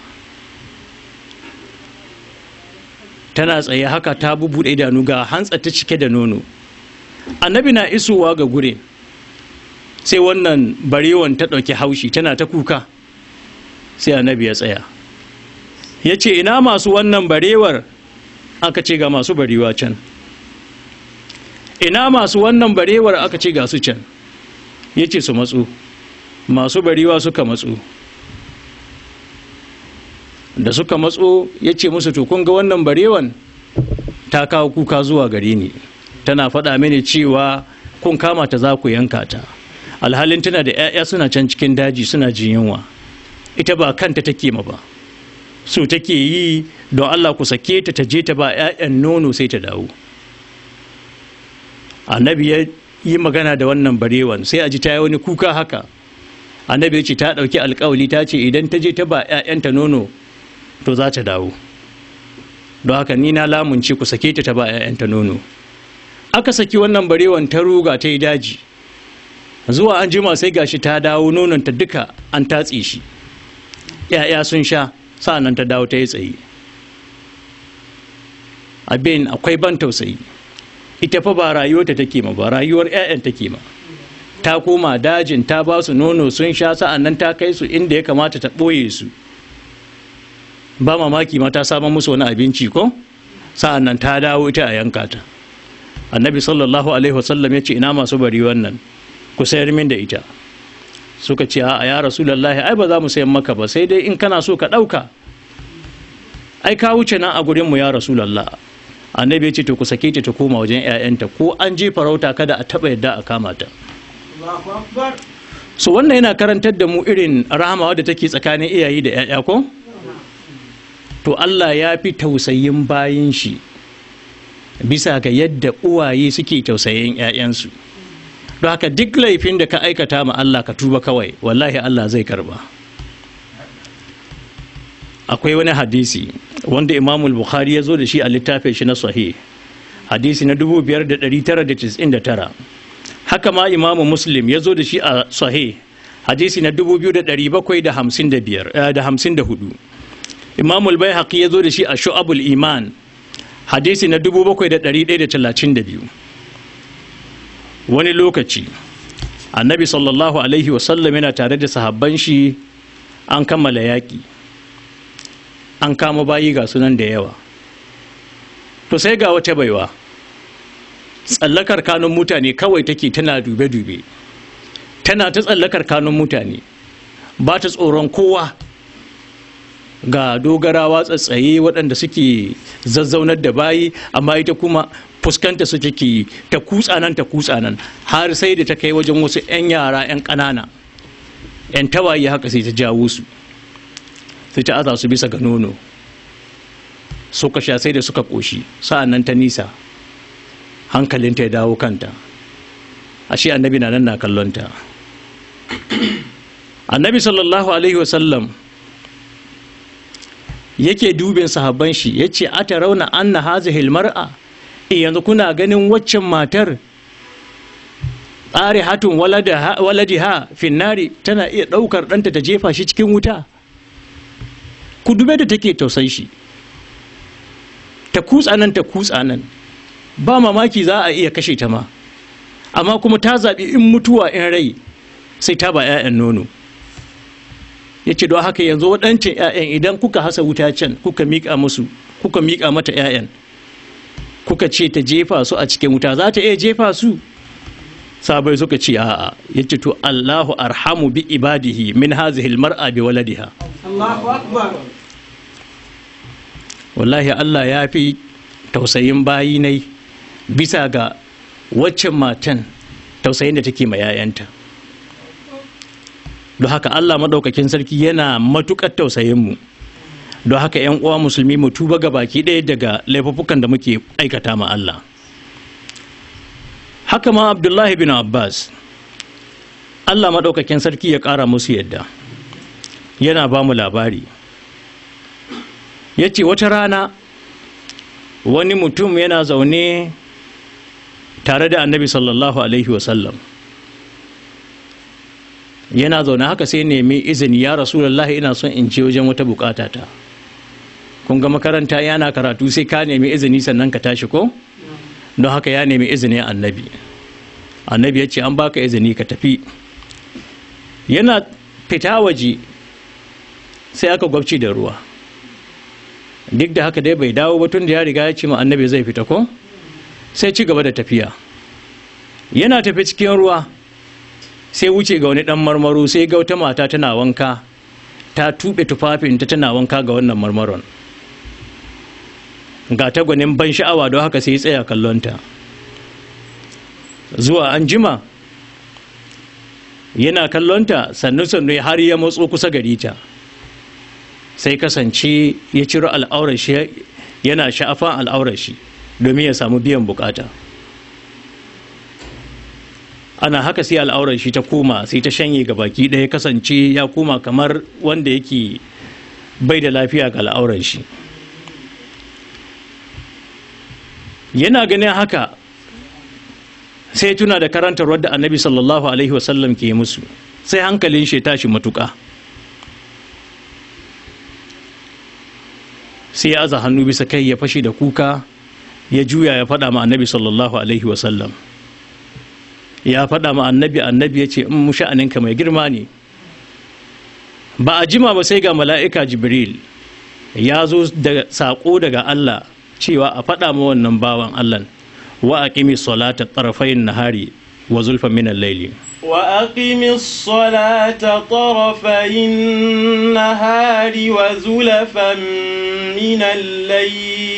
tana tsaye haka ta bubuɗe idanu ga hantsa ta cike da nono annabi na isowa ga gure sai wannan barewan ta ɗauki haushi tana ta kuka sai annabi ya tsaya ya ce ina masu wannan barewar aka ce ga masu barewa can ina masu wannan barewar aka ce ga su can ya ce su matsu masu barewa suka matsu da suka matso ya ce musu to ga wannan barewan ta kawo kuka zuwa gare ni tana faɗa mini cewa kun kama ta za ku yanka ta alhalin tana da 'ya'ya suna can cikin daji suna jin yunwa ita ba kanta take ma ba su take yi don Allah ku sake ta ta je ta ba 'ya'yan nono sai ta dawo annabi ya yi magana da wannan barewan sai a ji ta yi wani kuka haka annabi ya ce ta ɗauki alkawali ta ce idan ta je ta ba 'ya'yanta nono to za ta dawo don haka ni na lamunce ku sake ta ta ba 'ya'yanta nono aka saki wannan barewan ta ruga ta yi daji zuwa an jima sai gashi ta dawo nononta duka an tatse shi ‘ya'ya sun sha nan ta dawo ta yi tsaye abin akwai ban tausayi ita fa ba rayuwarta take ma ba rayuwar ‘ya'yan take ma ta koma dajin ta ba su nono sun sha nan ta kai su inda ya kamata ta ɓoye su ba mamaki ma ta samun musu wani abinci ko nan ta dawo ita a yanka ta annabi sallallahu alaihi wasallam ya ce ina masu bari wannan ku sayar min da ita suka ce a ya rasu lallahi ai ba za mu sayan maka ba sai dai in kana so ka ɗauka ai ka wuce nan a gurin mu ya rasulullah annabi ya ce to ku sake ta koma wajen 'ya'yanta ko an je farauta kada a taɓa yadda a kama ta so wannan yana karantar da mu irin rahama wadda take tsakanin iyaye da 'ya'ya ko to Allah ya fi tausayin bayan shi bisa ga yadda uwaye suke tausayin 'ya'yansu don haka duk laifin da ka aikata ma Allah ka tuba kawai wallahi Allah zai karba akwai wani hadisi wanda imamul bukhari ya zo da shi a littafin shi na sahih hadisi na 5999 haka ma imamu muslim ya zo da shi a sahih hadisi na 2754 eh, imamul bai ya zo da shi a sho'abul iman hadisi na 7132 wani lokaci annabi sallallahu alaihi wasallam yana tare da sahabban shi an kammala yaƙi an kama bayi ga sunan da yawa to sai ga wata baiwa tsallakar kanun mutane kawai take tana dube-dube tana ta tsallakar kanun mutane ba ta tsoron kowa ga dogarawa tsatsaye waɗanda suke zazzaunar da bayi amma ita kuma fuskanta su ciki ta kutsa nan ta kutsa nan har sai da ta kai wajen wasu 'yan yara 'yan ƙanana 'yan tawaye haka sai ta jawo su sai ta aza su bisa ga nono ka sha sai da suka ƙoshi sa'an nan ta nisa hankalinta ya dawo kanta ashe annabi na nan na kallonta annabi sallallahu alaihi wasallam yake dubin sahabban shi yace rauna anna hazihil mar'a eh, yanzu kuna ganin waccan matar tsari hatun ha finnari tana iya ɗaukar ɗanta ta jefa shi cikin wuta ku dube da take tausan shi ta kutsa nan ta kutsa nan ba mamaki za a iya kashe ta ma amma kuma ta zaɓi in mutuwa in rai sai ta ba 'ya'yan nono ya ce don haka yanzu waɗancan 'ya'yan idan kuka hasa wuta can kuka miƙa musu kuka miƙa mata 'ya'yan kuka ce ta jefa su a cikin wuta za ta iya jefa su sabai suka ce a'a ya ce to Allahu arhamu bi ibadihi min hazihi mar'a bi waladiha wallahi Allah ya fi tausayin bayi bisa ga waccan matan tausayin da take ma 'ya'yanta don haka Allah maɗaukakin sarki yana matuƙar tausayin mu don haka yan uwa musulmi mu tuba ga baki ɗaya daga laifuffukan da muke aikata ma Allah haka ma Abdullahi bin Abbas Allah maɗaukakin sarki ya ƙara musu yadda yana ba mu labari ya ce wata rana wani mutum yana zaune tare da annabi sallallahu alaihi wasallam yana zaune haka sai nemi izini ya rasu rasulullah ina son in ce wajen wata bukata ta kun ga makaranta yana karatu sai ka nemi izini sannan ka tashi ko don haka ya nemi izini annabi annabi ya ce an baka izini ka tafi yana fita waje sai aka gwabci da ruwa duk da haka dai bai dawo ba tun da ya riga ya ce ma annabi zai fita ko sai ci gaba da tafiya yana tafi cikin ruwa sai wuce ga wani ɗan marmaro sai ga wata mata tana wanka ta tuɓe tufafinta tana wanka ga wannan marmaron ga ta ban sha'awa don haka sai tsaya kallonta zuwa an jima yana kallonta sannu sannu har ya matso kusa gari ta sai kasance ya ciro al'aurar shi yana sha'afan al'aurar shi domin ya samu biyan bukata ana haka sai al'auran shi ta koma sai ta shanye ga baki ɗaya kasance ya koma kamar wanda yake bai da lafiya ga al'auran shi yana ganin haka sai tuna da karantar wadda annabi sallallahu alaihi wasallam ke musu sai hankalin shi tashi matuƙa sai ya aza hannu bisa kai ya fashe da kuka ya juya ya faɗa ma annabi sallallahu alaihi wasallam ya faɗa ma annabi annabi ya ce in sha'aninka mai girma ne ba a jima ba sai ga mala'ika jibril ya zo da saƙo daga allah cewa a faɗa ma wannan bawan allah wa a ƙimi salata ƙarfayin nahari wa zulfa minan laili wa a ƙimi salata ƙarfayin nahari wa zulfa minan laili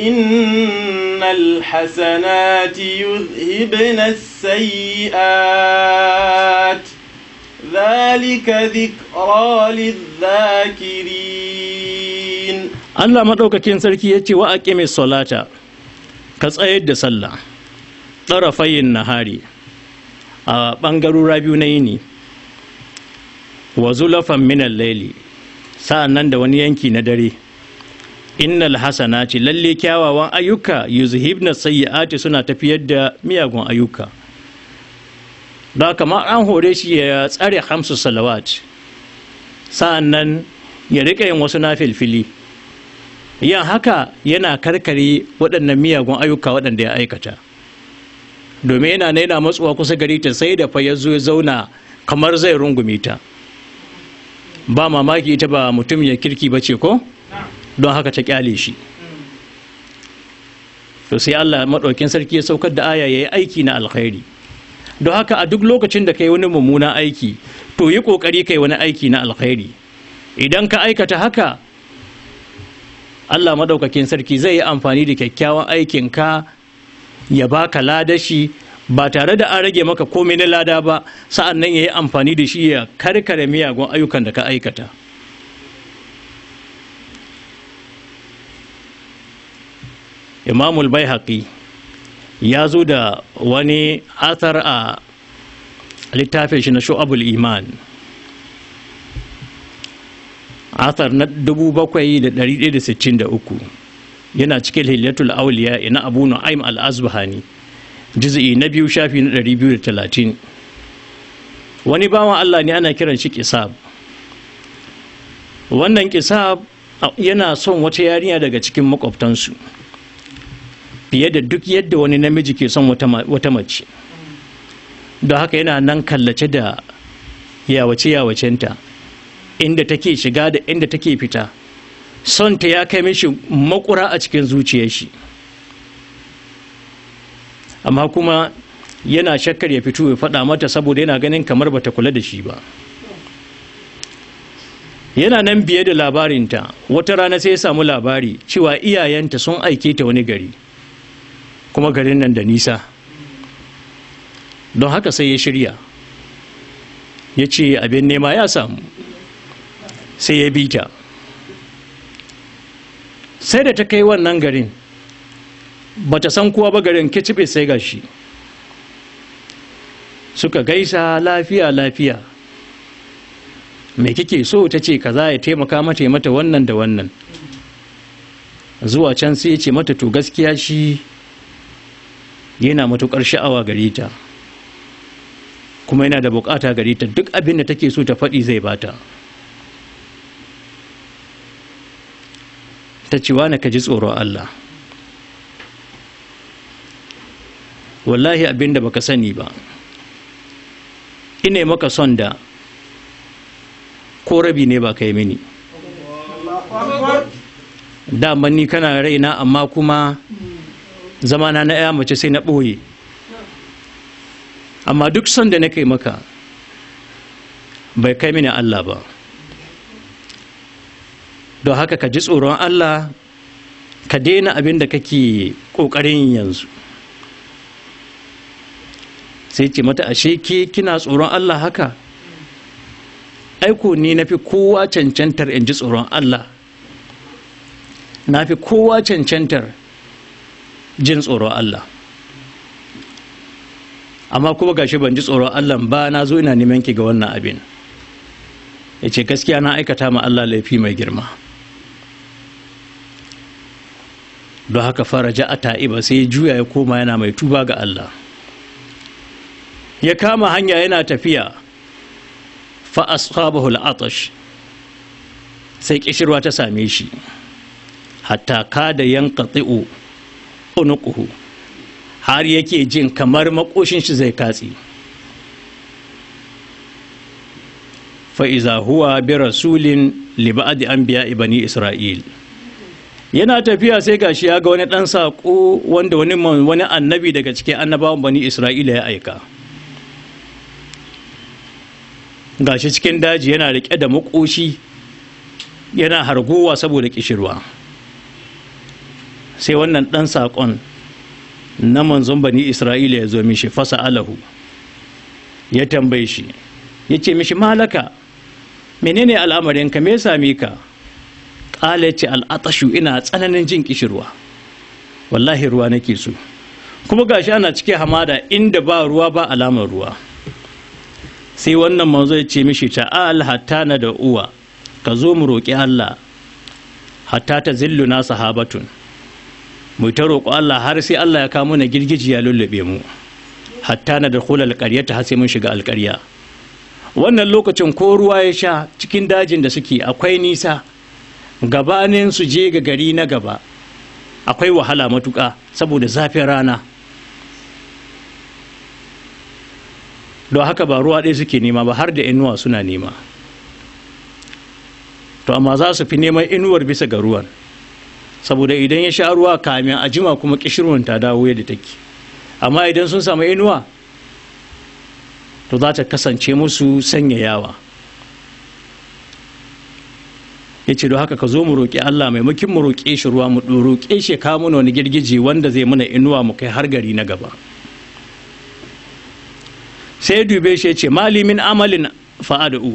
إن الحسنات يذهبن السيئات ذلك ذكرى للذاكرين الله كين سركي يتي وأقم الصلاة كتسأيد صلى طرفي النهار ɓangarora biyu na yini wa zulafan minan sa'an nan da wani yanki na dare innal ce lalle kyawawan ayyuka yuzhibna sayyi'ati suna tafiyar da miyagun ayyuka da kamar an hore shi ya tsare hamsu salawat sa'annan ya rika yin wasu nafilfili yan haka yana karkare waɗannan miyagun ayyuka waɗanda ya aikata domin yana yana matsuwa kusa gari ta sai da fa ya zo zauna kamar zai rungume ta ba mamaki ita ba mutum ya kirki bace ko don haka ta kyale shi to sai Allah maɗaukin sarki ya saukar da aya ya aiki na alkhairi don haka a duk lokacin da kai wani mummuna aiki to yi ƙoƙari kai wani aiki na alkhairi idan ka aikata haka Allah maɗaukakin sarki zai yi amfani da kyakkyawan ka ya baka lada shi ba tare da an rage maka komai na lada ba sa'an nan ya yi amfani da shi ya karkare miyagun ayyukan da ka aikata. imamul haƙi. ya zo da wani athar a littafin shi na shu'abul iman athar na 7163 yana cikin hilyatul auliya ina abu nu'aim al-azbahani jiz'i na biyu shafi na 230 wani bawan Allah ne ana kiran shi kisab wannan kisab yana son wata yarinya daga cikin makwabtansu fiye da duk yadda wani namiji ke son wata mace don haka yana nan kallace da yawace yawacenta inda take shiga da inda take fita son ta ya kai mishi makura a cikin zuciyar shi amma kuma yana shakkar ya fito ya faɗa mata saboda yana ganin kamar bata kula da shi ba yana nan biye da labarinta wata rana sai ya samu labari cewa iyayenta sun aike ta wani gari kuma garin nan da nisa don haka sai ya shirya ya ce abin nema ya samu sai ya bita sai da ta kai wannan garin ba ta san kuwa ba garin kicibe sai gashi suka gaisa lafiya lafiya mai kike so ta ce kaza ya taimaka mata mata wannan da wannan zuwa can sai ya ce mata to gaskiya shi yana matuƙar sha'awa gare ta kuma yana da buƙata gare ta duk abin da take so ta faɗi zai bata ta ciwa na ka ji tsoron Allah wallahi abin da baka sani ba ina maka son da ko rabi ne ba kai mini dama ni kana raina amma kuma zamana na ya mace sai na ɓoye amma duk son da na kai maka bai kai mini Allah ba don haka ka ji tsoron Allah ka daina abin da kake ƙoƙarin yanzu sai ce mata ashe ke kina tsoron Allah haka aiko ne na fi kowa cancantar in ji tsoron Allah na fi kowa cancantar jin tsoron Allah amma kuma gashi ban ji tsoron Allah ba na zo ina neman ki ga wannan abin ya ce gaskiya na aikata ma Allah laifi mai girma don haka fara ja a ta'iba sai juya ya koma yana mai tuba ga Allah ya kama hanya yana tafiya fa ashabahu atash, sai kishirwa ta same shi hatta kada yanqati'u unuquhu har yake jin kamar makoshin shi zai katse iza huwa bi rasulin li an biya ibani isra'il yana tafiya sai gashi ya ga wani ɗan saƙo wanda wani wani annabi daga cikin annabawan bani isra'ila ya aika gashi cikin daji yana riƙe da makoshi yana harguwa saboda ƙishirwa sai wannan ɗan saƙon na manzon bani isra'ila ya zo mishi fasa alahu ya tambaye shi ya ce mishi malaka menene al'amarinka me sami ka ƙala ce al'atashu ina tsananin jin kishirwa wallahi ruwa nake so kuma gashi ana cike hamada inda ba ruwa ba alamar ruwa sai wannan manzo ya ce mishi ta'al hatta na da uwa ka zo mu roƙi Allah hatta ta zillu na sahabatun mu ta roƙo Allah har sai Allah ya kawo mana girgiji ya lullube mu hatta na da kula alƙarya ta sai mun shiga alƙarya wannan lokacin ko ruwa ya sha cikin dajin da suke akwai nisa gabanin su je ga gari na gaba akwai wahala matuƙa saboda zafin rana don haka ba ruwa ɗaya suke nema ba har da inuwa suna nema to amma za su fi neman inuwar bisa ga ruwan saboda idan ya sha ruwa kamin a jima kuma kishirwan ta dawo yadda take amma idan sun samu inuwa to za ta kasance musu sanyayawa ya ce haka ka zo mu roƙi Allah maimakin mu roƙe shi ruwa mu roƙe shi ka mana wani girgije wanda zai mana inuwa mu kai har gari na gaba sai dube shi ya ce malimin amalin fa'adu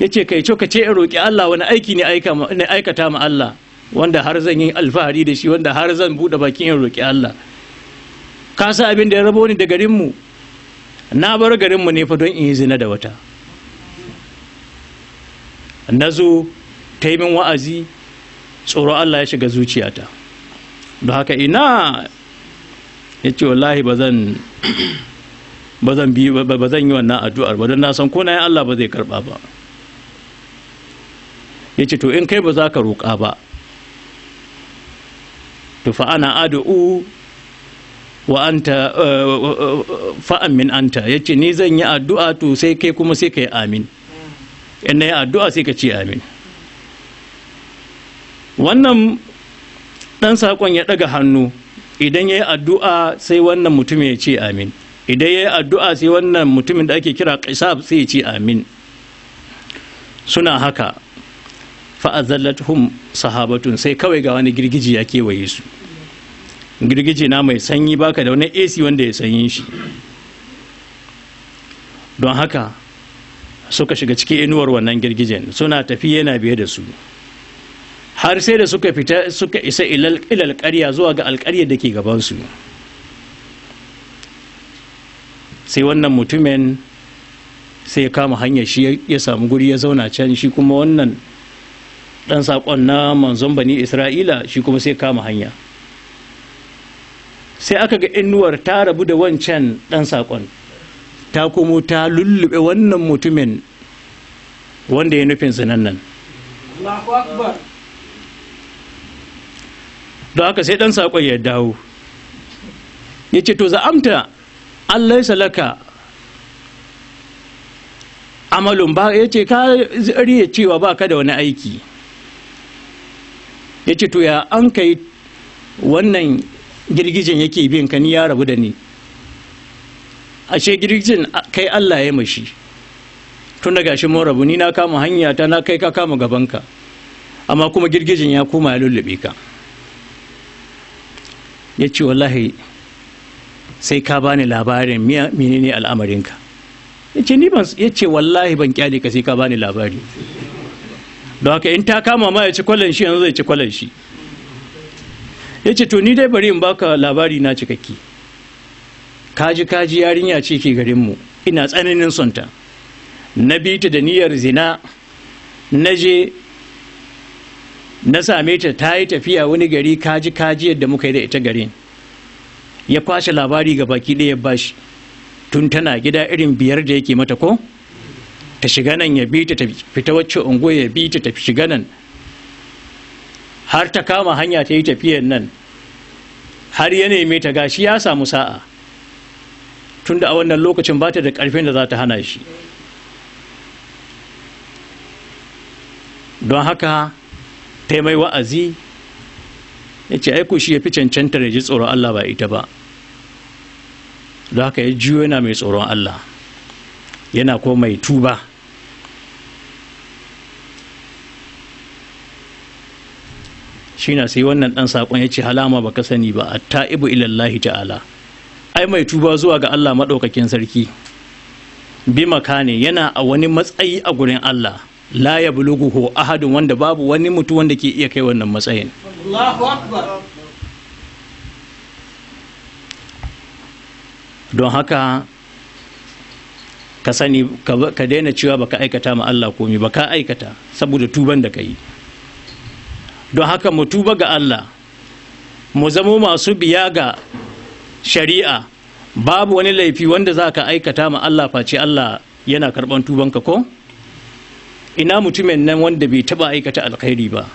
ya ce kai ce ka ce in roƙi Allah wani aiki ne aikata ma Allah wanda har zan yi alfahari da shi wanda har zan buɗe bakin yin roƙi Allah ka sa abin da ya rabo ni da garin mu na bar garin mu ne fa don in yi zina da wata na zo ta yi min wa'azi tsoro Allah ya shiga zuciyata don haka ina ya ce wallahi ba zan yi wannan addu'ar ba don na san ko na Allah ba zai karɓa ba yace to in kai ba za ka roƙa ba to fa ana ad'u wa anta eh, eh, eh, fa amin anta yace ni zan yi addu'a to sai kai kuma sai kai amin in na yi addu'a sai ka ce amin wannan ɗan sakon ya ɗaga hannu idan ya yi addu'a sai wannan mutum ya ce amin idan ya yi addu'a sai wannan mutumin da ake kira qisab sai ya ce amin suna haka hun sahabatun sai kawai ga wani girgiji ya kewaye su girgije na mai sanyi baka da wani AC wanda ya sanyi shi don haka suka shiga cikin inuwar wannan girgijen suna tafi yana biye da su har sai da suka fita suka isa ilal karya zuwa ga alƙaryar da ke gabansu sai wannan mutumin sai ya kama hanyar shi ya samu guri ya zauna can shi kuma wannan ɗan saƙon na manzon bani isra'ila shi kuma sai kama hanya sai aka ga inuwar ta rabu da wancan ɗan saƙon ta komo ta lullube wannan mutumin wanda ya nufin sinan nan don haka sai ɗan saƙon ya dawo yace to za'amta Ya salaka amalun ba ya ce ka ya cewa ba ka da wani aiki ya ce to ya an kai wannan girgijin yake bin ka ni ya rabu da ni ashe girgijin kai allah ya mashi tun daga gashi mun rabu ni na kama hanya ta na kai ka kama gabanka amma kuma girgijin ya koma ya lullube ka ya ce wallahi sai ka bani labarin menene al'amarinka ya ce wallahi ban kyale ka sai ka bani labari don haka in ta kama ma ya ci kwallon shi yanzu zai ci kwallon shi ya ce to ni dai bari in baka labari na cikakki kaji kaji yarinya ce ke garinmu ina tsananin sonta na bi ta da niyyar zina na je na same ta ta yi tafiya wani gari kaji kaji yadda muka yi da ita garin ya kwashe labari ga baki ɗaya bashi tun tana gida irin biyar da yake mata ko ta shiga nan ya bi ta ta fita wacce unguwa ya bi ta ta shiga nan har ta kama hanya ta yi tafiyan nan har ya neme ta gashi ya samu sa'a tunda a wannan lokacin ba ta da ƙarfin da za ta hana shi don haka ta mai wa'azi ya ce aiko shi ya fi cancanta da ji tsoron Allah ba ita ba don haka ya jiyo yana mai tsoron Allah yana ko mai tuba shi na sai wannan ɗan sakon ya ce halama ka sani ba Al-Ta'ibu ilallahi ta'ala ai mai tuba zuwa ga Allah maɗaukakin sarki bi makane yana a wani matsayi a gurin Allah la ya buluguhu ahadun wanda babu wani mutum wanda ke iya kai wannan matsayin don haka ka sani ka daina cewa baka aikata ma Allah komi ba ka aikata saboda tuban da ka yi don haka mu tuba ga Allah mu zamo masu biya ga shari'a babu wani laifi wanda za ka aikata ma Allah face Allah yana karɓan tubanka ko ina mutumin nan wanda bai taɓa aikata alkhairi ba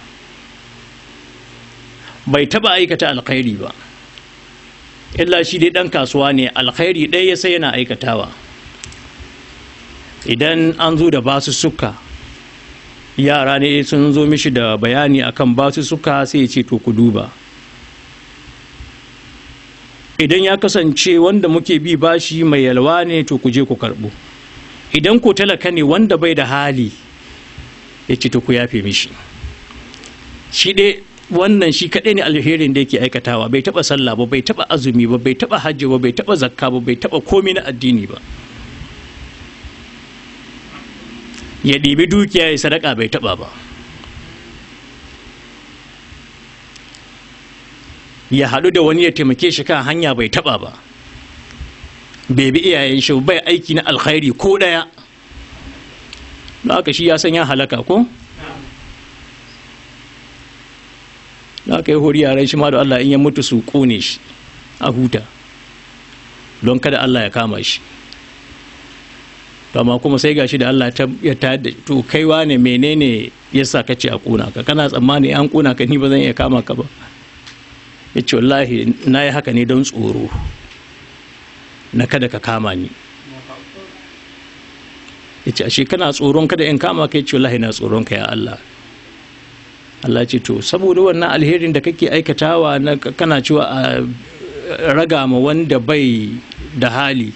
bai taɓa aikata alkhairi ba illa shi dai ɗan kasuwa ne alkhairi ɗaya sai yana aikatawa idan an zo da basu suka yara ne sun zo mishi da bayani akan basu suka sai ya ce to ku duba idan ya kasance wanda muke bi bashi mai yalwa ne to ku je ku karbo idan ko talaka ne wanda bai da hali ya ce to ku yafe mishi shi dai wannan shi kaɗai ne alherin da yake aikatawa bai taɓa sallah ba bai taɓa azumi ba bai taɓa hajji ba bai taɓa zakka ba bai taɓa komi na addini ba ya ɗibi dukiya ya sadaka bai taɓa ba ya haɗu da wani ya taimake shi kan hanya bai taɓa ba bai bi iyayen shi bai aiki na alkhairi ko ɗaya na haka shi ya san ya halaka ko na haka ya hori yaran shi ma da Allah in ya mutu su ƙone shi a huta don kada Allah ya kama shi to amma kuma sai gashi da Allah ya ta to kaiwa ne menene yasa ka ce a kuna ka kana tsammani an kuna ka ni ba zan iya kama ka ba ya ce wallahi na yi haka ne don tsoro na kada ka kama ni ya ce ashe kana tsoron kada in kama ka ya ce wallahi na tsoron ka ya Allah Allah ce to saboda wannan alherin da kake aikatawa na kana cewa a raga ma wanda bai da hali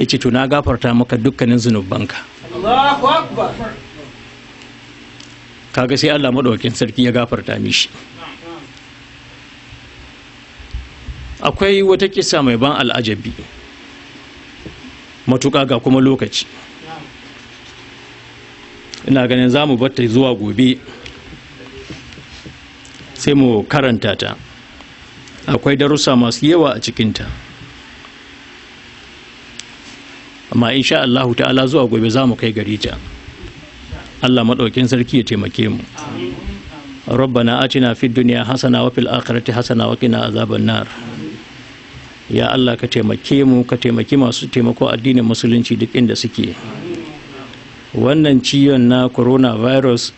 ya ce to na gafarta maka dukkanin zunubanka kaga sai Allah maɗaukin sarki ya gafarta mishi akwai wata kisa mai ban al'ajabi matuƙa ga kuma lokaci ina ganin za mu batta zuwa gobe sai mu karanta ta akwai darussa masu yawa a cikinta amma insha Allahu ta'ala zuwa gobe za mu kai gari ta Allah maɗaukin sarki ya taimake mu ربنا آتنا hasana wa fil وفي hasana wa وقنا azaban nar. Ya Allah ka taimake mu ka taimaki masu taimako addinin musulunci duk inda suke wannan ciyon na corona virus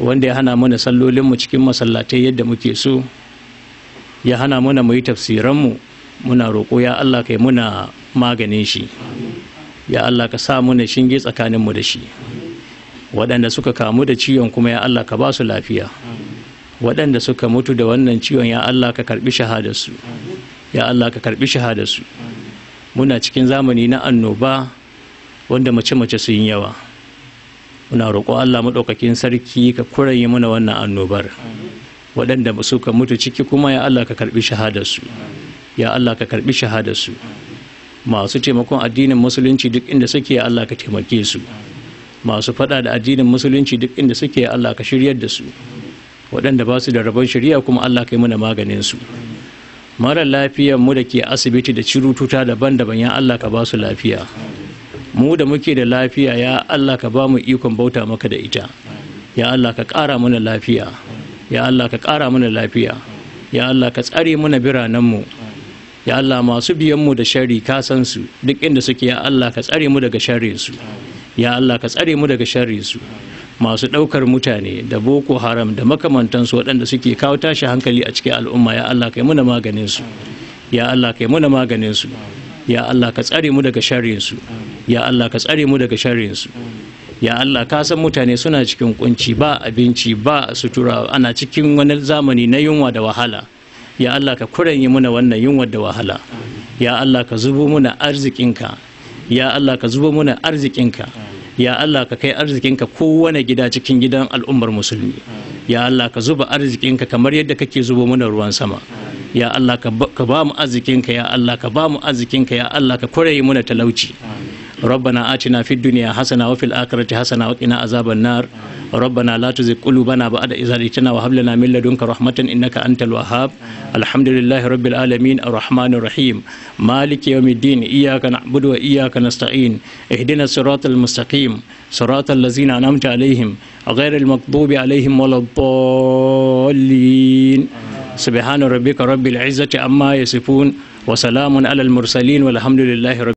wanda ya hana mana mu cikin masallatai yadda muke so ya hana mana mu yi mu, muna roƙo ya Allah kai muna maganin shi ya Allah ka sa mu shinge shinge mu da shi waɗanda suka kamu da ciwon kuma ya Allah ka ba su lafiya waɗanda suka mutu da wannan ciwon ya Allah ka karɓi shahadarsu ya Allah ka karɓi shahadarsu muna cikin zamani na annoba wanda mace-mace su yin yawa muna roƙo Allah maɗaukakin sarki ka kurayi muna wannan annobar waɗanda suka mutu ciki kuma ya Allah ka karɓi shahadarsu ya Allah ka karɓi shahadarsu masu taimakon addinin musulunci duk inda suke Allah ka taimake su masu faɗa da addinin musulunci duk inda suke Allah ka shiryar da su waɗanda ba su da rabon shari'a kuma Allah ka yi mana maganin su mara lafiyar mu da ke asibiti da cirututa daban-daban ya Allah ka ba su lafiya mu da muke da lafiya ya Allah ka ba mu ikon bauta maka da ita ya Allah ka ƙara mana lafiya ya Allah ka ƙara mana lafiya ya Allah ka tsare mana biranenmu ya Allah masu biyan mu da shari ka san su duk inda suke ya Allah ka tsare mu daga shari su ya Allah ka tsare mu daga shari su masu ɗaukar mutane da boko haram da makamantansu waɗanda suke kawo tashi hankali a cikin al'umma ya Allah kai muna maganin su ya Allah kai muna maganin su ya Allah ka tsare mu daga shari su ya Allah ka tsare mu daga sharrin su ya Allah ka san mutane suna cikin kunci ba abinci ba sutura ana cikin wani zamani na yunwa da wahala ya Allah ka kuranye muna wannan yunwar da wahala ya Allah ka zubo muna arzikinka ya Allah ka zubo muna arzikinka ya Allah ka kai arzikinka kowane gida cikin gidan al'ummar musulmi ya Allah ka zuba arzikinka kamar yadda kake zubo muna ruwan sama ya Allah ka ba mu arzikinka ya Allah ka ba mu arzikinka ya Allah ka kwaraye muna talauci ربنا آتنا في الدنيا حسنة وفي الآخرة حسنة وقنا عذاب النار ربنا لا تزغ قلوبنا بعد إذ هديتنا وهب لنا من لدنك رحمة إنك أنت الوهاب الحمد لله رب العالمين الرحمن الرحيم مالك يوم الدين إياك نعبد وإياك نستعين اهدنا الصراط المستقيم صراط الذين أنعمت عليهم غير المغضوب عليهم ولا الضالين سبحان ربك رب العزة أما يصفون وسلام على المرسلين والحمد لله رب